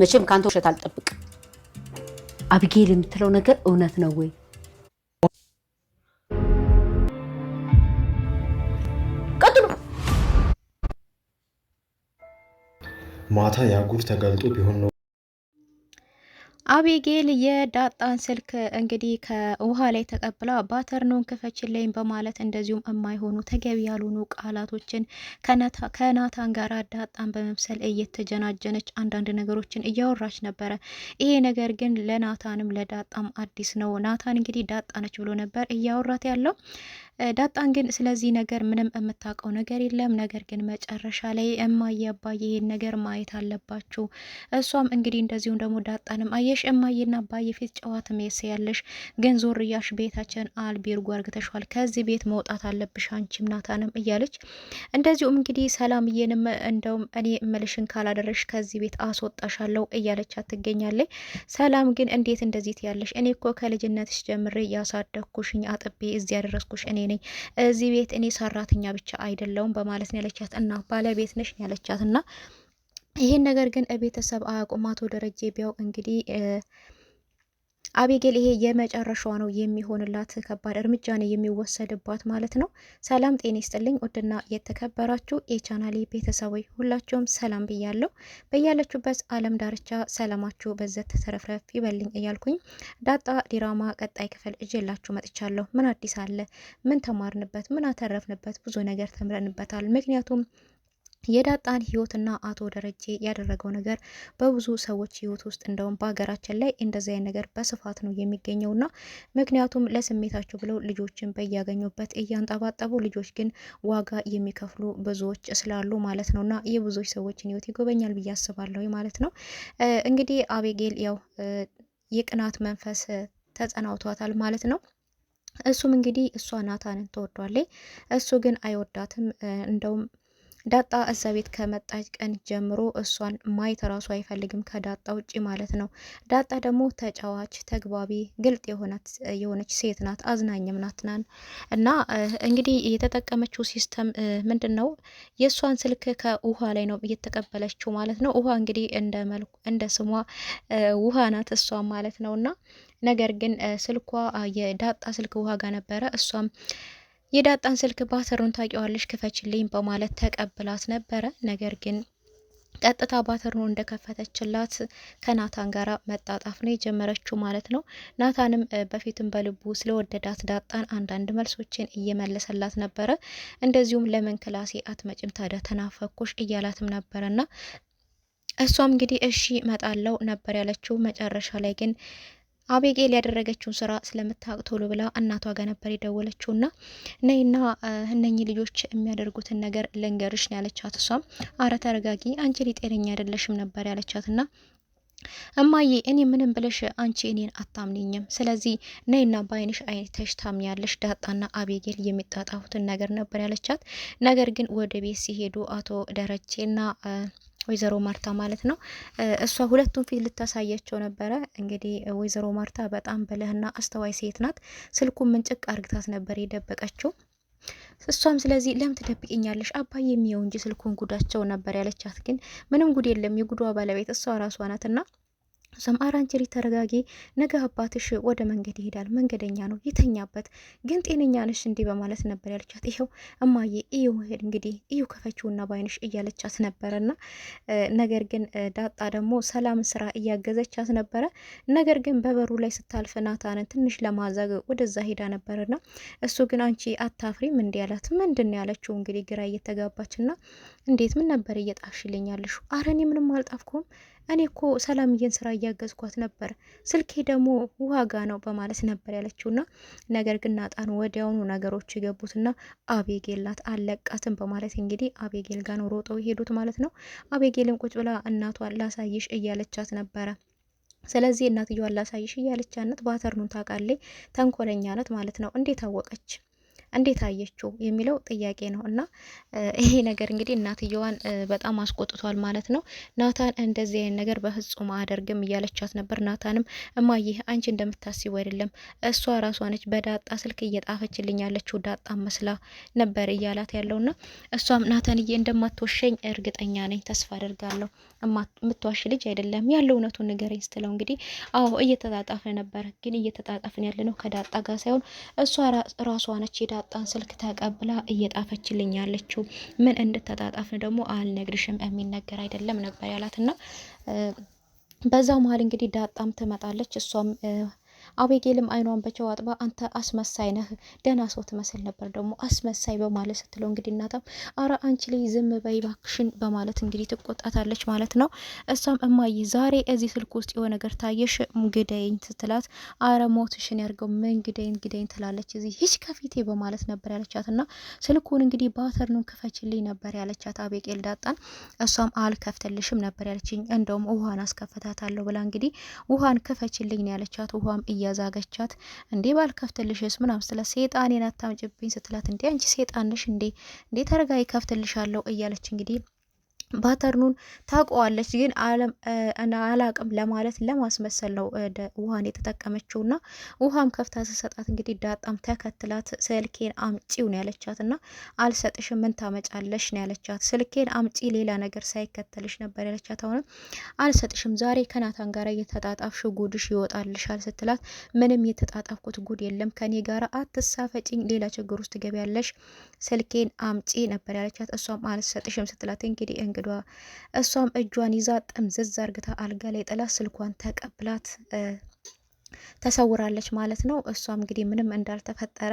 መቼም ከአንተ ውሸት አልጠብቅም። አብጌል የምትለው ነገር እውነት ነው ወይ? ቀጥሉ። ማታ ያጉር ተጋልጦ ቢሆን ነው አቤጌል የዳጣን ስልክ እንግዲህ ከውሃ ላይ ተቀብላ ባተርኖን ክፈችልኝ በማለት እንደዚሁም የማይሆኑ ተገቢ ያልሆኑ ቃላቶችን ከናታን ጋር ዳጣን በመምሰል እየተጀናጀነች አንዳንድ ነገሮችን እያወራች ነበረ። ይሄ ነገር ግን ለናታንም ለዳጣም አዲስ ነው። ናታን እንግዲህ ዳጣ ነች ብሎ ነበር እያወራት ያለው። ዳጣን ግን ስለዚህ ነገር ምንም የምታውቀው ነገር የለም። ነገር ግን መጨረሻ ላይ እማዬ አባዬ ይሄን ነገር ማየት አለባችሁ። እሷም እንግዲህ እንደዚሁም ደግሞ ዳጣንም አየሽ እማዬና አባዬ ፊት ጨዋት ሜስ ያለሽ ግን ዞር እያሽ ቤታችን አልቢርጉ አርግተሸዋል። ከዚህ ቤት መውጣት አለብሽ አንቺም ናታንም እያለች እንደዚሁም እንግዲህ ሰላምዬንም እንደውም እኔ እምልሽን ካላደረሽ ከዚህ ቤት አስወጣሻለሁ እያለች ትገኛለች። ሰላም ግን እንዴት እንደዚህ ትያለሽ? እኔ እኮ ከልጅነትሽ ጀምሬ ያሳደግኩሽኝ አጥቤ እዚህ ያደረስኩሽ እኔ ነኝ እዚህ ቤት እኔ ሰራተኛ ብቻ አይደለውም በማለት ነው ያለቻት እና ባለቤት ነሽ ነው ያለቻት እና ይህን ነገር ግን ቤተሰብ አያውቁም። አቶ ደረጀ ቢያውቅ እንግዲህ አቤጌል ይሄ የመጨረሻዋ ነው የሚሆንላት፣ ከባድ እርምጃ ነው የሚወሰድባት ማለት ነው። ሰላም ጤና ይስጥልኝ ውድና የተከበራችሁ የቻናሌ ቤተሰቦች ሁላችሁም ሰላም ብያለሁ። በያለችሁበት አለም ዳርቻ ሰላማችሁ በዘት ተተረፍረፍ ይበልኝ እያልኩኝ ዳጣ ዲራማ ቀጣይ ክፍል እጅላችሁ መጥቻለሁ። ምን አዲስ አለ? ምን ተማርንበት? ምን አተረፍንበት? ብዙ ነገር ተምረንበታል። ምክንያቱም የዳጣን ህይወትና አቶ ደረጀ ያደረገው ነገር በብዙ ሰዎች ህይወት ውስጥ እንደውም በሀገራችን ላይ እንደዚ አይነት ነገር በስፋት ነው የሚገኘውና ምክንያቱም ለስሜታቸው ብለው ልጆችን በያገኙበት እያንጠባጠቡ ልጆች ግን ዋጋ የሚከፍሉ ብዙዎች ስላሉ ማለት ነውና የብዙዎች ሰዎችን ህይወት ይጎበኛል ብዬ አስባለሁ ማለት ነው። እንግዲህ አቤጌል ያው የቅናት መንፈስ ተጸናውቷታል ማለት ነው። እሱም እንግዲህ እሷ ናታንን ትወዷለች፣ እሱ ግን አይወዳትም እንደውም ዳጣ እዛ ቤት ከመጣች ቀን ጀምሮ እሷን ማየት ራሱ አይፈልግም ከዳጣ ውጭ ማለት ነው። ዳጣ ደግሞ ተጫዋች፣ ተግባቢ፣ ግልጥ የሆነች ሴት ናት፣ አዝናኝም ናት ናን እና እንግዲህ የተጠቀመችው ሲስተም ምንድን ነው? የእሷን ስልክ ከውሃ ላይ ነው እየተቀበለችው ማለት ነው። ውሃ እንግዲህ እንደ ስሟ ውሃ ናት እሷ ማለት ነው እና ነገር ግን ስልኳ የዳጣ ስልክ ውሃ ጋር ነበረ እሷም የዳጣን ስልክ ባተሩን ታውቂዋለሽ፣ ክፈችልኝ በማለት ተቀብላት ነበረ። ነገር ግን ቀጥታ ባተሩን እንደከፈተችላት ከናታን ጋር መጣጣፍ ነው የጀመረችው ማለት ነው። ናታንም በፊትም በልቡ ስለወደዳት ዳጣን አንዳንድ መልሶችን እየመለሰላት ነበረ። እንደዚሁም ለምን ክላሴ አትመጭም ታዲያ ተናፈኩሽ እያላትም ነበረና እሷም እንግዲህ እሺ መጣለው ነበር ያለችው። መጨረሻ ላይ ግን አቤጌል ያደረገችውን ስራ ስለምታውቅ ቶሎ ብላ እናቷ ጋር ነበር የደወለችው ና ነይና እነኚህ ልጆች የሚያደርጉትን ነገር ልንገርሽ ነው ያለቻት። እሷም አረ ተረጋጊ አንቺ ጤነኛ አይደለሽም ነበር ያለቻት ና እማዬ እኔ ምንም ብለሽ አንቺ እኔን አታምንኝም። ስለዚህ ነይና በአይንሽ አይተሽ ታምኛለሽ። ዳጣና አቤጌል የሚጣጣፉትን ነገር ነበር ያለቻት። ነገር ግን ወደ ቤት ሲሄዱ አቶ ደረጀና ወይዘሮ ማርታ ማለት ነው። እሷ ሁለቱን ፊት ልታሳያቸው ነበረ። እንግዲህ ወይዘሮ ማርታ በጣም ብልህና አስተዋይ ሴት ናት። ስልኩን ምንጭቅ አርግታት ነበር የደበቀችው። እሷም ስለዚህ ለምን ትደብቅኛለሽ አባዬ የሚየው እንጂ ስልኩን ጉዳቸው ነበር ያለቻት። ግን ምንም ጉድ የለም የጉዷ ባለቤት እሷ ራሷ ናትና እሷም ኧረ ተረጋጊ፣ ነገ አባትሽ ወደ መንገድ ይሄዳል፣ መንገደኛ ነው ይተኛበት፣ ግን ጤነኛ ነሽ እንዲህ በማለት ነበር ያለቻት። ይኸው እማዬ እዩ መሄድ እንግዲህ እዩ ከፈችውና ባይንሽ እያለቻት ነበረና ነገር ግን ዳጣ ደግሞ ሰላም ስራ እያገዘቻት ነበረ። ነገር ግን በበሩ ላይ ስታልፍ ናታንን ትንሽ ለማዛግ ወደዛ ሄዳ ና እሱ ግን አንቺ አታፍሪም እንዲህ ያላት። ምንድን ያለችው? እንግዲህ ግራ እየተጋባችና እንዴት ምን ነበር እየጣሽልኛለሽ? አረ እኔ ምንም አልጣፍኩም እኔ እኮ ሰላምዬን ስራ እያገዝኳት ነበር፣ ስልኬ ደግሞ ዋጋ ነው በማለት ነበር ያለችውና ነገር ግን ናጣን ወዲያውኑ ነገሮች የገቡትና አቤጌል ናት አለቃትም በማለት እንግዲህ አቤጌል ጋ ነው ሮጠው የሄዱት ማለት ነው። አቤጌልን ቁጭ ብላ እናቷ ላሳይሽ እያለቻት ነበረ። ስለዚህ እናትየዋን ላሳይሽ እያለቻት ናት። ባተርኑን ታውቃለች፣ ተንኮለኛ ናት ማለት ነው። እንዴት አወቀች? እንዴት አየችው የሚለው ጥያቄ ነው። እና ይሄ ነገር እንግዲህ እናትየዋን በጣም አስቆጥቷል ማለት ነው። ናታን እንደዚህ አይነት ነገር በፍጹም አደርግም እያለቻት ነበር። ናታንም እማዬ አንቺ እንደምታስቡ አይደለም፣ እሷ ራሷ ነች በዳጣ ስልክ እየጣፈችልኝ ያለችው ዳጣ መስላ ነበር እያላት ያለውና እሷም ናታንዬ እንደማትወሸኝ እርግጠኛ ነኝ፣ ተስፋ አደርጋለሁ። የምትዋሽ ልጅ አይደለም ያለው እውነቱን ንገረኝ ስትለው እንግዲህ አዎ እየተጣጣፍን ነበር፣ ግን እየተጣጣፍን ያለ ነው ከዳጣ ጋር ሳይሆን እሷ ራሷ ነች የዳጣ የሰጣን ስልክ ተቀብላ እየጣፈችልኝ ያለችው ምን እንድተጣጣፍን ደግሞ አልነግርሽም የሚነገር አይደለም ነበር ያላት እና በዛው መሀል እንግዲህ ዳጣም ትመጣለች እሷም አቤጌልም አይኗን በጨው አጥባ አንተ አስመሳይ ነህ፣ ደህና ሰው ትመስል ነበር ደግሞ አስመሳይ በማለት ስትለው እንግዲህ እናታም አረ አንቺ ላይ ዝም በይ እባክሽን በማለት እንግዲህ ትቆጣታለች ማለት ነው። እሷም እማዬ ዛሬ እዚህ ስልክ ውስጥ የሆነ ነገር ታየሽ ግደይኝ ስትላት አረ ሞትሽን ያርገው ምን ግደይን ግደይን ትላለች። እዚህ ሂጅ ከፊቴ በማለት ነበር ያለቻት እና ስልኩን እንግዲህ ባተርኑን ክፈችልኝ ነበር ያለቻት አቤጌል ዳጣን። እሷም አልከፍትልሽም ነበር ያለችኝ እንደውም ውሃን አስከፍታታለሁ ብላ እንግዲህ ውሃን ክፈችልኝ ያለቻት ውሃም እያዛገቻት እንዴ ባልከፍትልሽስ ምናምን ስላት ሴጣኔን አታምጭብኝ ስትላት እንዴ አንቺ ሴጣንሽ እንዴ እንዴ ተረጋይ ከፍትልሻለሁ እያለች እንግዲህ ፓተርኑን ታውቀዋለች ግን አላቅም ለማለት ለማስመሰል ነው ውሃን የተጠቀመችው እና ውሃም ከፍታ ስሰጣት እንግዲህ ዳጣም ተከትላት ስልኬን አምጪው ነው ያለቻት እና አልሰጥሽም ምን ታመጫለሽ ነው ያለቻት ስልኬን አምጪ ሌላ ነገር ሳይከተልሽ ነበር ያለቻት አሁንም አልሰጥሽም ዛሬ ከናታን ጋር እየተጣጣፍሽ ጉድሽ ይወጣልሻል ስትላት ምንም የተጣጣፍኩት ጉድ የለም ከኔ ጋር አትሳፈጭኝ ሌላ ችግር ውስጥ ገቢያለሽ ስልኬን አምጪ ነበር ያለቻት እሷም አልሰጥሽም ስትላት እንግዲህ እንግዷ እሷም እጇን ይዛ ጠምዘዝ አርግታ አልጋ ላይ ጥላ ስልኳን ተቀብላት ተሰውራለች ማለት ነው። እሷም እንግዲህ ምንም እንዳልተፈጠረ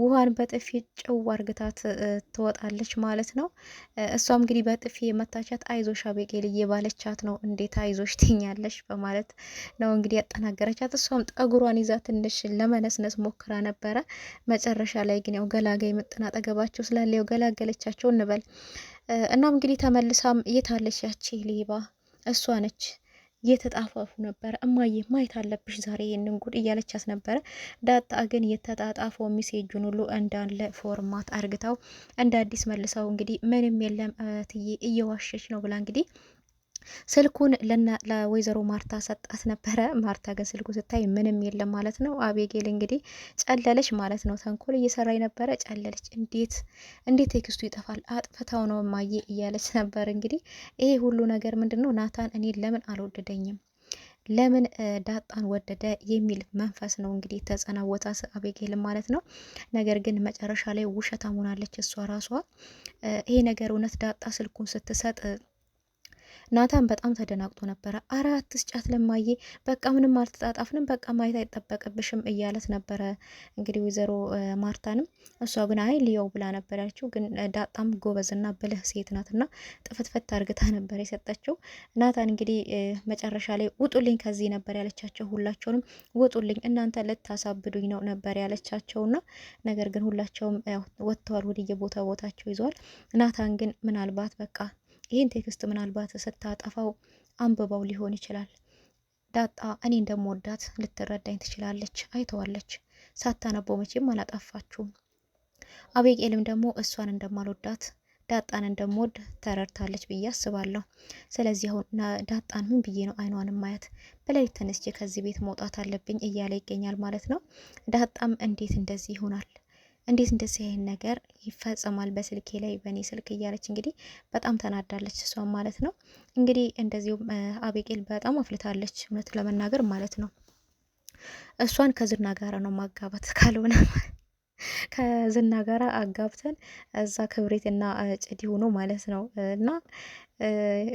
ውሃን በጥፊ ጭው አርግታት ትወጣለች ማለት ነው። እሷም እንግዲህ በጥፊ የመታቻት አይዞሽ አቤቄል እየባለቻት ነው። እንዴት አይዞሽ ትኛለሽ በማለት ነው እንግዲህ ያጠናገረቻት። እሷም ጠጉሯን ይዛ ትንሽ ለመነስነስ ሞክራ ነበረ። መጨረሻ ላይ ግን ያው ገላጋይ ምጥን አጠገባቸው ስላለ ያው ገላገለቻቸው እንበል። እናም እንግዲህ ተመልሳም የታለች ያቺ ሌባ እሷ ነች የተጣፋፉ ነበረ። እማዬ ማየት አለብሽ ዛሬ ይህንን ጉድ እያለቻት ነበረ። ዳጣ ግን የተጣጣፈው ሚሴጁን ሁሉ እንዳለ ፎርማት አርግተው እንደ አዲስ መልሰው እንግዲህ ምንም የለም እትዬ እየዋሸች ነው ብላ እንግዲህ ስልኩን ለወይዘሮ ማርታ ሰጣት ነበረ። ማርታ ግን ስልኩ ስታይ ምንም የለም ማለት ነው። አቤጌል እንግዲህ ጨለለች ማለት ነው። ተንኮል እየሰራ ነበረ፣ ጨለለች። እንዴት እንዴት ቴክስቱ ይጠፋል? አጥፍታው ነው ማየ እያለች ነበር። እንግዲህ ይሄ ሁሉ ነገር ምንድን ነው? ናታን እኔ ለምን አልወደደኝም ለምን ዳጣን ወደደ የሚል መንፈስ ነው እንግዲህ ተጸናወታ አቤጌል ማለት ነው። ነገር ግን መጨረሻ ላይ ውሸታም ሆናለች እሷ ራሷ። ይሄ ነገር እውነት ዳጣ ስልኩን ስትሰጥ ናታን በጣም ተደናግጦ ነበረ። አረ አትስጫት ለማዬ፣ በቃ ምንም አልተጣጣፍንም፣ በቃ ማየት አይጠበቅብሽም እያለት ነበረ። እንግዲህ ወይዘሮ ማርታንም እሷ ግን አይ ልየው ብላ ነበር ያለችው። ግን ዳጣም ጎበዝና ብልህ ሴት ናትና ጥፍትፈት አርግታ ነበር የሰጠችው። ናታን እንግዲህ መጨረሻ ላይ ውጡልኝ ከዚህ ነበር ያለቻቸው። ሁላቸውንም ውጡልኝ እናንተ ልታሳብዱኝ ነው ነበር ያለቻቸውና ነገር ግን ሁላቸውም ወጥተዋል። ወደየቦታ ቦታ ቦታቸው ይዘዋል። ናታን ግን ምናልባት በቃ ይህን ቴክስት ምናልባት ስታጠፋው አንብባው ሊሆን ይችላል። ዳጣ እኔ እንደምወዳት ልትረዳኝ ትችላለች። አይተዋለች። ሳታነበው መቼም አላጠፋችሁም። አቤቄልም ደግሞ እሷን እንደማልወዳት ዳጣን እንደምወድ ተረድታለች ብዬ አስባለሁ። ስለዚህ አሁን ዳጣን ምን ብዬ ነው አይኗን ማየት? በሌሊት ተነስቼ ከዚህ ቤት መውጣት አለብኝ እያለ ይገኛል ማለት ነው። ዳጣም እንዴት እንደዚህ ይሆናል እንዴት እንደዚህ አይነት ነገር ይፈጸማል በስልኬ ላይ በእኔ ስልክ እያለች እንግዲህ በጣም ተናዳለች፣ እሷም ማለት ነው። እንግዲህ እንደዚሁም አቤቄል በጣም አፍልታለች፣ እውነት ለመናገር ማለት ነው። እሷን ከዝና ጋር ነው ማጋባት ካልሆነ ከዝና ጋር አጋብተን እዛ ክብሬት እና ጭድ ሆኖ ማለት ነው። እና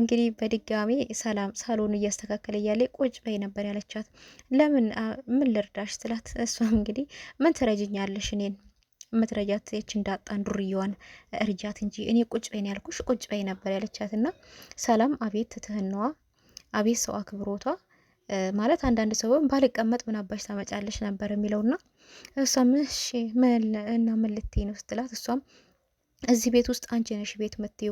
እንግዲህ በድጋሚ ሰላም ሳሎን እያስተካከለ እያለ ቁጭ በይ ነበር ያለቻት። ለምን ምን ልርዳሽ ስላት እሷም እንግዲህ ምን ትረጅኛለሽ እኔን የምትረጃት ች እንዳጣን ዱርየዋን እርጃት እንጂ እኔ ቁጭ በይን ያልኩሽ ቁጭ በይ ነበር ያለቻት። ና ሰላም አቤት ትህነዋ፣ አቤት ሰው አክብሮቷ ማለት አንዳንድ ሰው ባልቀመጥ ምን አባሽ ታመጫለሽ ነበር የሚለውና እሷም እሺ እና ምን ልትይ ነው ስትላት እሷም እዚህ ቤት ውስጥ አንቺ ነሽ ቤት ምትዩ።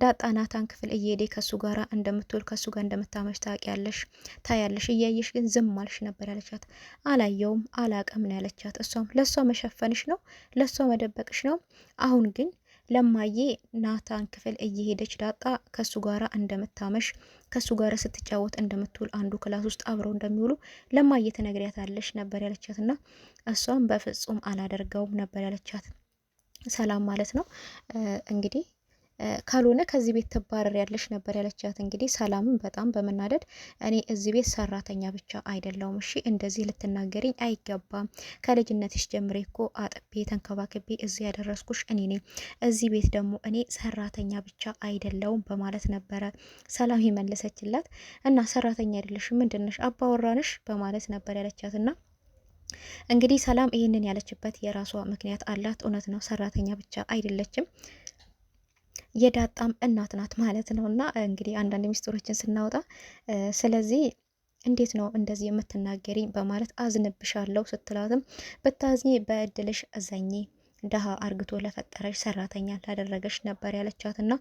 ዳጣ ናታን ክፍል እየሄደ ከሱ ጋር እንደምትውል ከሱ ጋር እንደምታመሽ ታውቂያለሽ፣ ታያለሽ። እያየሽ ግን ዝም አልሽ ነበር ያለቻት። አላየውም አላቀም ነው ያለቻት። እሷም ለእሷ መሸፈንሽ ነው ለእሷ መደበቅሽ ነው። አሁን ግን ለማዬ ናታን ክፍል እየሄደች ዳጣ ከሱ ጋራ እንደምታመሽ ከሱ ጋር ስትጫወት እንደምትውል አንዱ ክላስ ውስጥ አብረው እንደሚውሉ ለማዬ ትነግሪያታለሽ ነበር ያለቻትና እሷም በፍጹም አላደርገውም ነበር ያለቻት። ሰላም ማለት ነው። እንግዲህ ካልሆነ ከዚህ ቤት ትባረር ያለሽ ነበር ያለቻት። እንግዲህ ሰላምን በጣም በመናደድ እኔ እዚህ ቤት ሰራተኛ ብቻ አይደለውም፣ እሺ እንደዚህ ልትናገሪኝ አይገባም። ከልጅነትሽ ጀምሬ እኮ አጥቤ ተንከባክቤ እዚህ ያደረስኩሽ እኔ ነኝ። እዚህ ቤት ደግሞ እኔ ሰራተኛ ብቻ አይደለውም በማለት ነበረ ሰላም የመለሰችላት። እና ሰራተኛ አይደለሽ ምንድነሽ አባወራንሽ በማለት ነበር ያለቻት እና እንግዲህ ሰላም ይህንን ያለችበት የራሷ ምክንያት አላት። እውነት ነው፣ ሰራተኛ ብቻ አይደለችም የዳጣም እናት ናት ማለት ነው። እና እንግዲህ አንዳንድ ሚስጥሮችን ስናወጣ ስለዚህ እንዴት ነው እንደዚህ የምትናገሪ በማለት አዝንብሻለሁ ስትላትም ብታዝኚ በእድልሽ እዘኚ ደሃ አርግቶ ለፈጠረሽ ሰራተኛ ላደረገሽ ነበር ያለቻት እና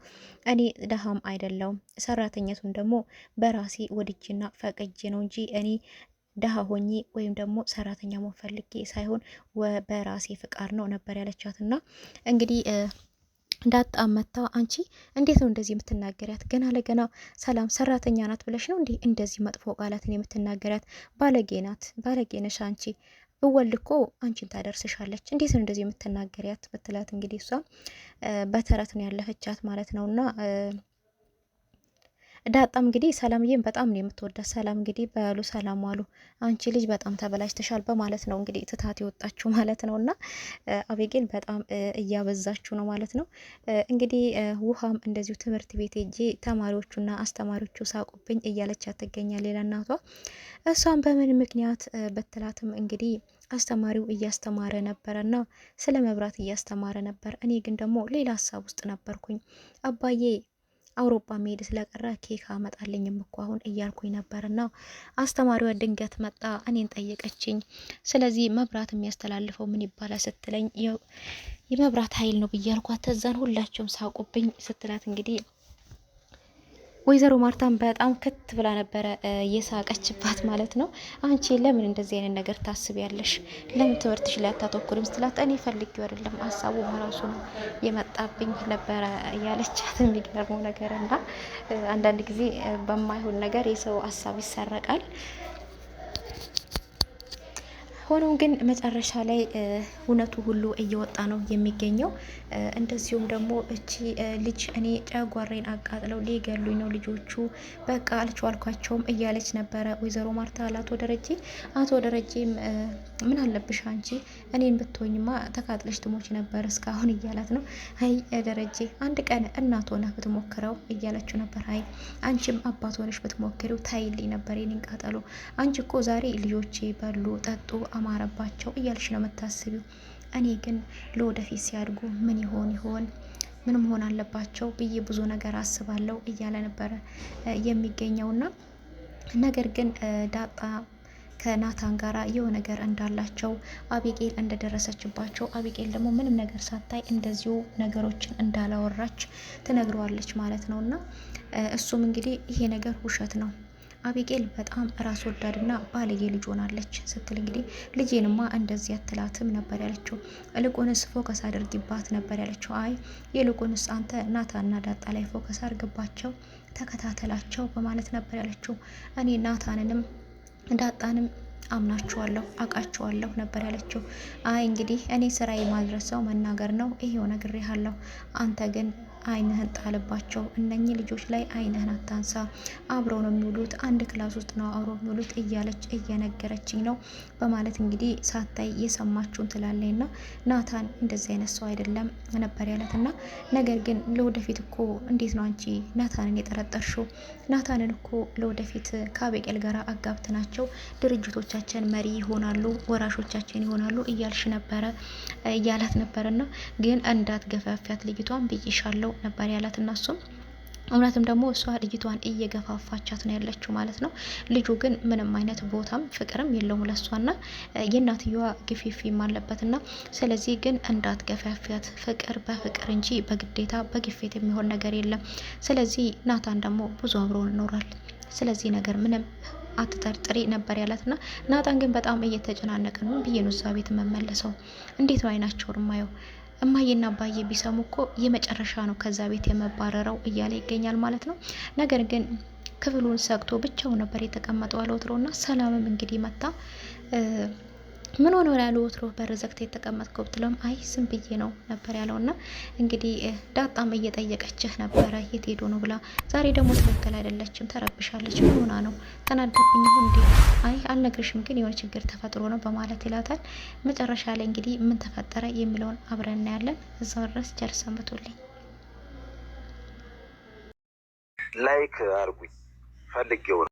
እኔ ደሃም አይደለውም ሰራተኝነቱን ደግሞ በራሴ ወድጄና ፈቅጄ ነው እንጂ እኔ ድሀ ሆኜ ወይም ደግሞ ሰራተኛ መሆን ፈልጌ ሳይሆን በራሴ ፍቃድ ነው ነበር ያለቻት እና እንግዲህ ዳጣ መታ አንቺ እንዴት ነው እንደዚህ የምትናገሪያት? ገና ለገና ሰላም ሰራተኛ ናት ብለሽ ነው እንዲህ እንደዚህ መጥፎ ቃላትን የምትናገሪያት? ባለጌ ናት፣ ባለጌ ነሽ አንቺ ብወልድ እኮ አንቺን ታደርስሻለች። እንዴት ነው እንደዚህ የምትናገሪያት? ብትላት እንግዲህ እሷ በተረት ነው ያለፈቻት ማለት እና ዳጣም እንግዲህ ሰላምዬን በጣም ነው የምትወዳት። ሰላም እንግዲህ በሉ ሰላም አሉ አንቺ ልጅ በጣም ተበላሽተሻል በማለት ነው እንግዲህ ትታት የወጣችሁ ማለት ነው። እና አቤጌል በጣም እያበዛችሁ ነው ማለት ነው። እንግዲህ ውሃም እንደዚሁ ትምህርት ቤት ሄጄ ተማሪዎቹና አስተማሪዎቹ ሳቁብኝ እያለች ያትገኛል። ሌላ እናቷ እሷም በምን ምክንያት በትላትም እንግዲህ አስተማሪው እያስተማረ ነበረና ስለ መብራት እያስተማረ ነበር። እኔ ግን ደግሞ ሌላ ሀሳብ ውስጥ ነበርኩኝ አባዬ አውሮፓ መሄድ ስለቀረ ኬክ አመጣልኝም እኮ አሁን እያልኩኝ ነበርና አስተማሪዋ ድንገት መጣ፣ እኔን ጠየቀችኝ። ስለዚህ መብራት የሚያስተላልፈው ምን ይባላል ስትለኝ የመብራት ኃይል ነው ብያልኳት፣ ተዛን ሁላቸውም ሳቁብኝ ስትላት እንግዲህ ወይዘሮ ማርታን በጣም ከት ብላ ነበረ የሳቀችባት ማለት ነው። አንቺ ለምን እንደዚህ አይነት ነገር ታስቢያለሽ? ለምን ትምህርትሽ ላይ አታተኩሪም? ስትላት እኔ ፈልጌው አይደለም ሀሳቡ በራሱ ነው የመጣብኝ ነበረ ያለቻት። የሚገርመው ነገር እና አንዳንድ ጊዜ በማይሆን ነገር የሰው ሀሳብ ይሰረቃል። ሆኖም ግን መጨረሻ ላይ እውነቱ ሁሉ እየወጣ ነው የሚገኘው። እንደዚሁም ደግሞ እቺ ልጅ እኔ ጨጓሬን አቃጥለው ሊገሉኝ ነው ልጆቹ በቃ አልቻልኳቸውም እያለች ነበረ ወይዘሮ ማርታ ለአቶ ደረጀ። አቶ ደረጀም ምን አለብሽ አንቺ እኔን ብትሆኝማ ተቃጥለሽ ትሞች ነበር እስካሁን እያላት ነው። አይ ደረጀ አንድ ቀን እናት ሆነህ ብትሞክረው እያለችው ነበር። አይ አንቺም አባት ሆነሽ ብትሞክሪው ታይልኝ ነበር የኔን ቃጠሎ። አንቺ እኮ ዛሬ ልጆቼ በሉ ጠጡ አማረባቸው እያልሽ ነው የምታስቢው። እኔ ግን ለወደፊት ሲያድጉ ምን ይሆን ይሆን ምን መሆን አለባቸው ብዬ ብዙ ነገር አስባለሁ እያለ ነበረ የሚገኘውና ነገር ግን ዳጣ ከናታን ጋር የው ነገር እንዳላቸው አቢጌል እንደደረሰችባቸው አቢጌል ደግሞ ምንም ነገር ሳታይ እንደዚሁ ነገሮችን እንዳላወራች ትነግረዋለች ማለት ነው እና እሱም እንግዲህ ይሄ ነገር ውሸት ነው አቢጌል በጣም ራስ ወዳድና ባለጌ ልጅ ሆናለች ስትል እንግዲህ ልጄንማ እንደዚህ አትላትም ነበር ያለችው። ይልቁንስ ፎከስ አድርጊባት ነበር ያለችው። አይ ይልቁንስ አንተ ናታና ዳጣ ላይ ፎከስ አድርግባቸው፣ ተከታተላቸው በማለት ነበር ያለችው። እኔ ናታንንም ዳጣንም አምናችኋለሁ አውቃችኋለሁ ነበር ያለችው። አይ እንግዲህ እኔ ስራዬ ማድረሰው መናገር ነው፣ ይሄው ነግሬሃለሁ። አንተ ግን አይንህን ጣልባቸው። እነኚህ ልጆች ላይ አይንህን አታንሳ። አብረው ነው የሚውሉት፣ አንድ ክላስ ውስጥ ነው አብረው የሚውሉት እያለች እየነገረችኝ ነው በማለት እንግዲህ ሳታይ የሰማችውን ትላለች። ና ናታን እንደዚህ አይነት ሰው አይደለም ነበር ያለት። እና ነገር ግን ለወደፊት እኮ እንዴት ነው አንቺ ናታንን የጠረጠርሽው? ናታንን እኮ ለወደፊት ከአበቀል ጋር አጋብት ናቸው ድርጅቶቻችን መሪ ይሆናሉ፣ ወራሾቻችን ይሆናሉ እያልሽ ነበረ እያላት ነበርና ግን እንዳት ገፋፊያት ልጅቷን ብይሻለው ነበር ያላት እና እሱም እውነትም ደግሞ እሷ ልጅቷን እየገፋፋቻት ነው ያለችው ማለት ነው። ልጁ ግን ምንም አይነት ቦታም ፍቅርም የለውም ና የእናትየዋ ግፊፊም ና ስለዚህ ግን እንዳት ገፋፊያት ፍቅር በፍቅር እንጂ በግዴታ በግፊት የሚሆን ነገር የለም። ስለዚህ ናታን ደግሞ ብዙ አብሮ ይኖራል። ስለዚህ ነገር ምንም አትጠርጥሪ ነበር ያላት ና ናታን ግን በጣም እየተጨናነቀ ነው ብዬ ነው እዛ ቤት መመለሰው እንዴት ነው አይናቸውን ማየው እማዬና አባዬ ቢሰሙ እኮ የመጨረሻ ነው ከዛ ቤት የመባረረው እያለ ይገኛል ማለት ነው። ነገር ግን ክፍሉን ሰግቶ ብቻው ነበር የተቀመጠው አለወትሮና ሰላምም እንግዲህ መታ ምን ሆኖ ያሉ ወትሮ በር ዘግተህ የተቀመጥከው ብትለውም አይ ስም ብዬ ነው ነበር ያለው። እና እንግዲህ ዳጣም እየጠየቀችህ ነበረ የት ሄዶ ነው ብላ። ዛሬ ደግሞ ትክክል አይደለችም፣ ተረብሻለች። ምን ሆና ነው ተናዳብኝ እንዲ? አይ አልነግርሽም፣ ግን የሆነ ችግር ተፈጥሮ ነው በማለት ይላታል። መጨረሻ ላይ እንግዲህ ምን ተፈጠረ የሚለውን አብረን እናያለን። እዛው ድረስ ቸር ሰንብቱልኝ። ላይክ አርጉኝ ፈልጌው